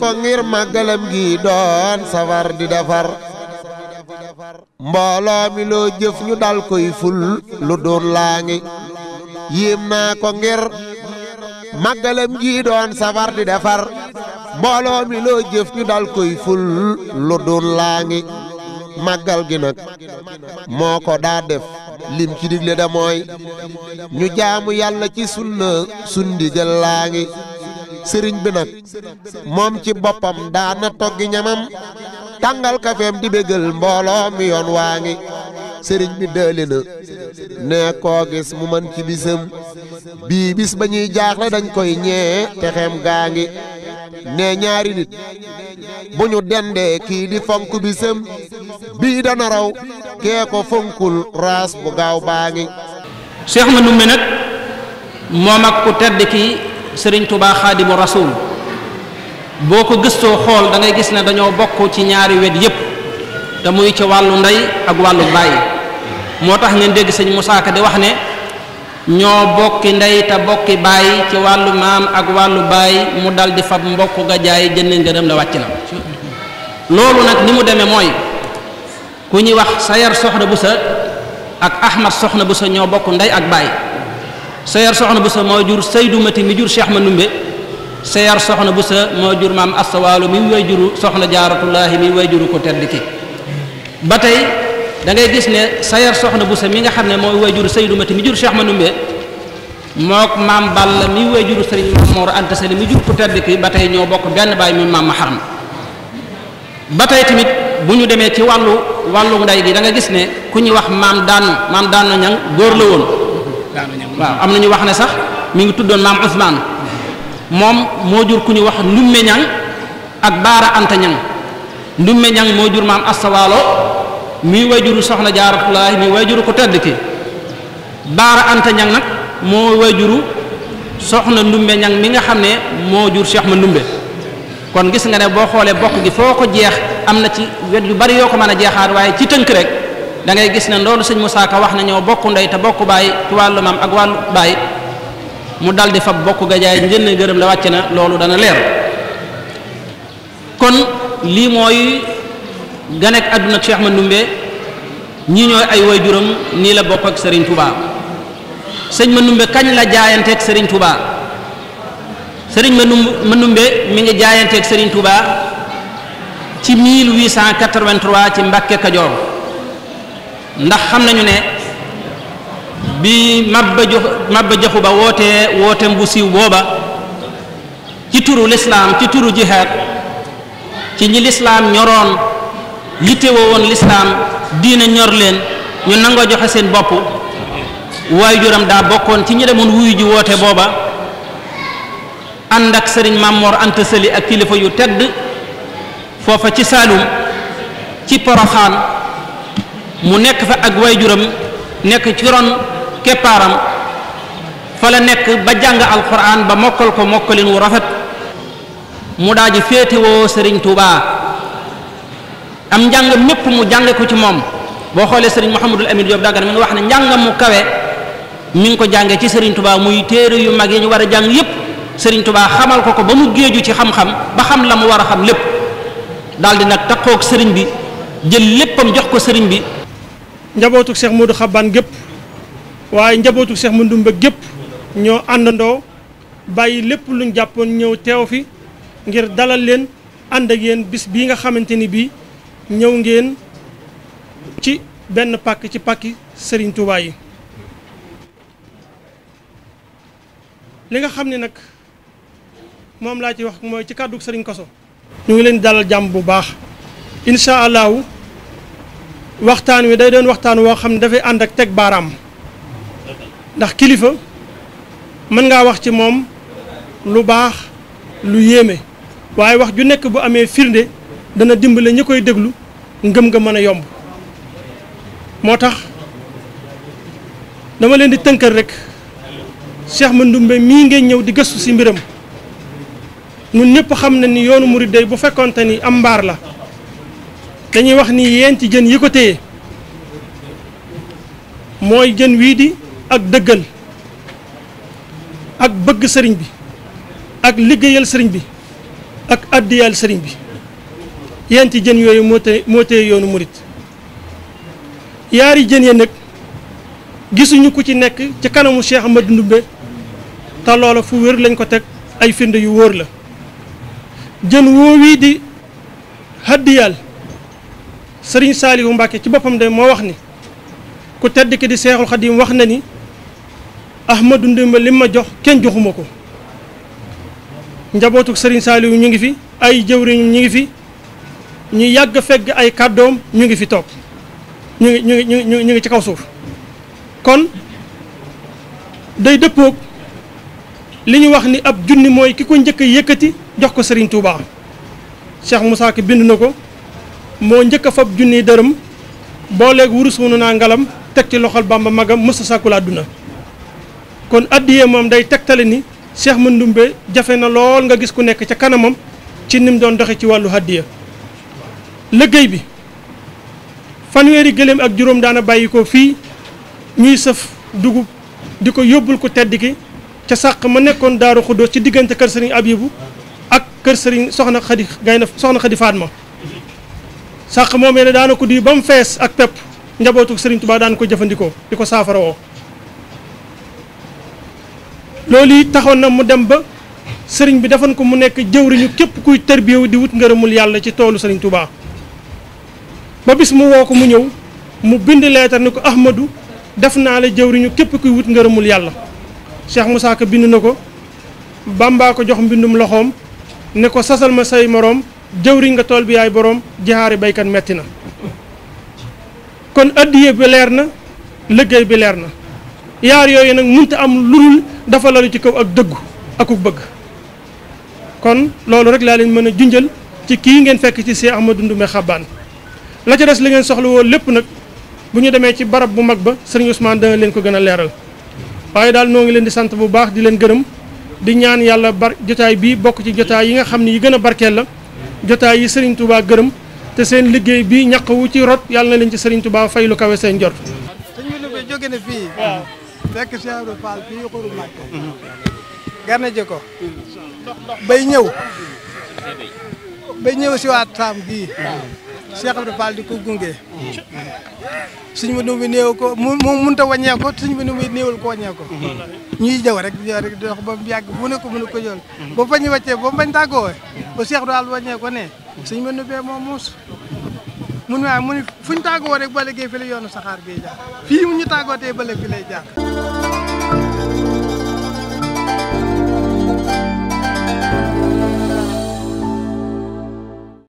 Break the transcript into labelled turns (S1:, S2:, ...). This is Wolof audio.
S1: ko màggalam gi doon safar di defar mbooloo mi loo jëf ñu dal koy ful lu doon laa ngi yéem naa ko ngir màggalam gi doon safar di defar mbooloo mi loo jëf ñu dal koy ful lu doon laa ngi màggal gi nag moo ko daa def lim ci digle da ñu jaamu yàlla ci sunna sundigal laa ngi sëriñ bi nag moom ci boppam daana toggi ñamam tàngal kafeem di bégal mbooloo mi yoon waa ngi sëriñ bi dëli na ne koo gis mu man ci bisam bii bis ba ñuy jaaxle dañ koy ñee te xem gaa ngi ne ñaari nit bu ñu dendee kii di fonk bisam bii dana raw kee ko fonkul raas bu gaaw baa ngi Cheikh Ahmadou Mboumbé nag moom ak
S2: ku tedd kii sëriñ tubaa xaadimu rasuul boo ko gëstoo xool dangay gis ne dañoo bokk ci ñaari wet yépp te muy ci wàllu ndey ak wàllu bàyyi moo tax ngeen dégg sëñ Musaa Ka di wax ne ñoo bokki ndey te bokki bàyyi ci wàllu maam ak wàllu bàyyi mu dal di fab mbokk ga jaay jënd ngërëm la wàcc na loolu nag ni mu demee mooy ku ñuy wax Sayar soxna bu sa ak Ahmad soxna bu sa ñoo bokk ndey ak bàyyi sayar soxna busa mo jur saydu mati mi jur cheikh sayar soxna busa mo jur mam aswalu mi way juru soxna jaratullah mi way juru ko tedd batay da ngay gis ne sayar soxna busa mi nga xamne ne way jur saydu mati mi jur cheikh ma numbe mook balla mi way juru sëriñ mamoor anta sali mi jur ko tedd batay ño bok ben bay mi mam xaram batay timit buñu bu ci walu walu nday gi da nga gis ne kuñu wax mam dan mam dan ñang gor la won waaw am na ñu wax ne sax mi ngi tuddoon maam usman moom moo jur ku ñu wax Ndumme Ñang ak Baara Anta Ñang Ndumme Ñang moo jur maam Astawaalo mi wayjuru soxna Jaaratulaay mi wayjuru ko tedd ki Baara Anta Ñang nag moo wayjuru soxna Ndumme Ñang mi nga xam ne moo jur Cheikh ma ndumbe kon gis nga ne boo xoolee bokk gi foo ko jeex am na ci wet yu bari yoo ko mën jeexaat waaye ci tënk rek da ngay gis ne ndoolu sëñ Moussa Ka wax na ñoo bokk ndey te bokk baay ci wàllu maam ak wàllu baay mu daldi fab bokk gajaay njënd gërëm la wàcc na loolu dana leer kon lii mooy ganek àdduna ak ma Ahmad Ndumbe ñi ñooy ay waajuram nii la bokk ak sëriñ Touba sëñ ma Mandumbe kañ la jaayanteeg Serigne Touba Serigne Mandumbe mi ngi jaayanteeg sëriñ Touba ci 1883 ci Mbàkke Kajoor ndax xam nañu ne bi mabba jox mabba joxu ba wootee wooteem bu siiw booba ci turu lislaam ci turu jihaad ci ñi lislaam ñoroon yittewoo woon lislaam diina ñor leen ñu nangoo joxe seen bopp waay waajuram daa bokkoon ci ñi demoon wuyu woote booba ànd ak sëriñ Mamor Anta Sali ak kilifa yu tedd foofa ci Saalum ci Poroxaan mu nek fa ak wayjuram nek ci ron keparam fa la nek ba jàng alquran ba mokal ko mokalin wu rafet mu daji feti wo serigne touba am jang mépp mu jang ko ci mom bo xole serigne mohammedul amin job dagana mi wax na jangam mu kawe mi ngi ko jànge ci serigne touba muy téré yu magi ñu wara jàng yépp serigne touba xamal ko ko ba mu géeju ci xam-xam ba xam lam wara xam lépp daal di takko ak serigne bi jël léppam jox ko serigne bi njabootuk
S3: Cheikh Modou Xaban gep waye njabootuk Cheikh nyo gépp ñoo àndandoo bàyyi lépp luñ jàppoon ñew teew fi ngir dalal leen and ak yeen bis bi nga xamanteni bi, ñew ngeen ci benn pak ci pak Serigne Touba yi. li nga xamni nak mom la ci wax moy ci kaddu Serigne Koso. ñu ngi leen dalal jamm bu baax incha waxtaan wi day doon waxtaan woo xam ne dafay ànd ak teg baaraam ndax kilifa mën ngaa wax ci moom lu baax lu yéeme waaye wax ju nekk bu amee firnde dana dimbale ñi koy déglu ngëm nga mën a yomb moo tax dama leen di tënkal rek ma Mandoumbe mii ngay ñëw di gëstu si mbiram ñun ñépp xam na ni yoonu murid day bu fekkonte ni am mbaar la dañuy wax ni yeen ci jën yi ko téye mooy jën wii di ak dëggal ak bëgg sëriñ bi ak liggéeyal sëriñ bi ak àddiyaal sëriñ bi yenti jën yooyu moo téye yoonu murit yaari jën ya nag gisuñu ku ci nekk ci kanamu Cheikh Ahmadou Ndoumbe te loola fu wér lañ ko teg ay firnde yu wóor la jën woo wii di àddiyaal sëriñ saaliwu mbàkke ci boppam de moo wax ni ku tedd ki di seexul xadim wax na ni ahmadu ndimba lim ma jox kenn joxuma ko njabootuk sëriñ saaliwu ñu ngi fi ay jëwriñum ñu ngi fi ñu yàgg fegg ay kàddoom ñu ngi fi toog ñu ñu ñu ñu ngi ci kaw suuf kon day dëppoog li ñu wax ni ab junni mooy ki ko njëkk yëkkati jox ko sëriñ tuubaa cheikh moussa ki bind na mo ñëk fa fab junniy bo booleeg wuru wunu na ngalam tek ci loxol bamba magam musa sakula aduna kon addiye mom day tegtale ni Cheikh Mandoumbe jafé na lool nga gis ku nekk ci kanamam ci nim doon doxé ci walu haddiya liggey bi fanweeri gëléem ak juroom daana bayiko fi ñuy seuf dugub diko yobul ku teddi ki ca sax ma nekkon daaru ci digënté kër serigne abibu ak kër serigne soxna khadi gayna soxna khadi fatma sax momé ne daana di bam fess ak pep njabootu Serigne Touba daan ko jëfëndiko di ko saafara woo loolu na mu dem ba serigne bi defan ko mu nekk jëwriñu kep kuy tërbiyewu di wut ngeerumul yalla ci tolu Serigne Touba ba bis mu woko mu ñew mu bind lettre ni Ahmadou def na la jëwriñu kep kuy wut ngeerumul yalla Cheikh Moussa Ka bind nako Bamba ko jox mbindum loxom ne ko sasal ma say morom jëwriñ nga tol bi ay borom jaxaari baykat metti kon adiyé bi lérna na liggéey bi lérna yar yoy nak munta am lulul dafa lolu ci kaw ak dëggu ak bëgg kon lolu rek la leen mën jundjel ci ki ngeen fekk ci Cheikh Ahmadou Ndoumé Xabaan la ci dess li ngeen soxlu wo lepp nak buñu démé ci barab bu mag ba serigne Ousmane nga leen ko gëna léral waye dal leen di sante bu baax di leen gërëm di ñaan yalla bar jotaay bi bok ci jotaay yi nga xamni yi gëna a la jotaay yi Serigne Touba gërëm te seen liggéey bi ñaq wu ci rot yàlla na leen ci Serigne Touba fay lu kawe seen jot. suñu liggéey jóge na fii. waaw fekk Cheikh Ibra Fall fii xuru Màkka. gànna ji ko. bay ñëw. bay ñëw si waat Saam gii. Cheikh Ibra di ko gunge. suñu mënu mi néew ko mu mënut a wàññee ko suñu mënu mi néewul ko wàññee ñu ñuy jëw rek di dox ba mu yàgg mu ne ko mu ko yoon. ba fa ñu wàccee ba mu bañ tàggoo ba Cheikh daal wàññee ko ne suñ mën na bee moom muus mun waaye mu ni fu ñu tàggoo rek ba léegi yoonu saxaar gi jaar fii mu ñu tàggoo tee ba léegi lay jaar